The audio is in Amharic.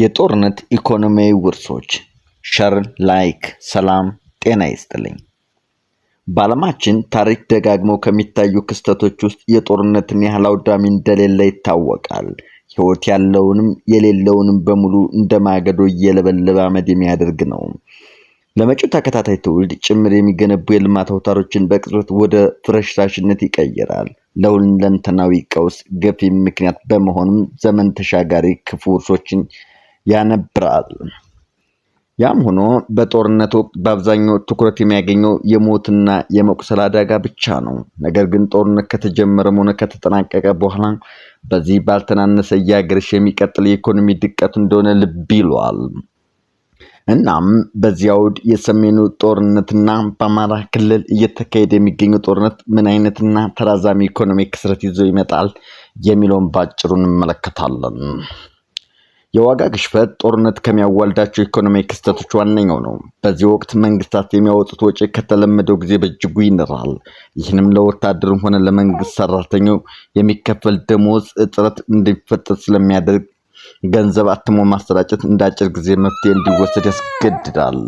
የጦርነት ኢኮኖሚያዊ ውርሶች ሸር ላይክ ሰላም ጤና ይስጥልኝ። በዓለማችን ታሪክ ደጋግመው ከሚታዩ ክስተቶች ውስጥ የጦርነትን ያህል አውዳሚ እንደሌለ ይታወቃል። ሕይወት ያለውንም የሌለውንም በሙሉ እንደ ማገዶ እየለበለበ አመድ የሚያደርግ ነው። ለመጪው ተከታታይ ትውልድ ጭምር የሚገነቡ የልማት አውታሮችን በቅጽበት ወደ ፍረሽራሽነት ይቀይራል። ለሁለንተናዊ ቀውስ ገፊ ምክንያት በመሆንም ዘመን ተሻጋሪ ክፉ ውርሶችን ያነብራል። ያም ሆኖ በጦርነት ወቅት በአብዛኛው ትኩረት የሚያገኘው የሞትና የመቁሰል አደጋ ብቻ ነው። ነገር ግን ጦርነት ከተጀመረም ሆነ ከተጠናቀቀ በኋላ በዚህ ባልተናነሰ እያገረሸ የሚቀጥል የኢኮኖሚ ድቀት እንደሆነ ልብ ይሏል። እናም በዚህ አውድ የሰሜኑ ጦርነትና በአማራ ክልል እየተካሄደ የሚገኘው ጦርነት ምን አይነትና ተራዛሚ ኢኮኖሚ ክስረት ይዞ ይመጣል የሚለውን ባጭሩ እንመለከታለን። የዋጋ ግሽበት ጦርነት ከሚያዋልዳቸው ኢኮኖሚ ክስተቶች ዋነኛው ነው። በዚህ ወቅት መንግስታት የሚያወጡት ወጪ ከተለመደው ጊዜ በእጅጉ ይነራል። ይህንም ለወታደርም ሆነ ለመንግስት ሰራተኛው የሚከፈል ደሞዝ እጥረት እንዲፈጠር ስለሚያደርግ ገንዘብ አትሞ ማሰራጨት እንደ አጭር ጊዜ መፍትሄ እንዲወሰድ ያስገድዳል።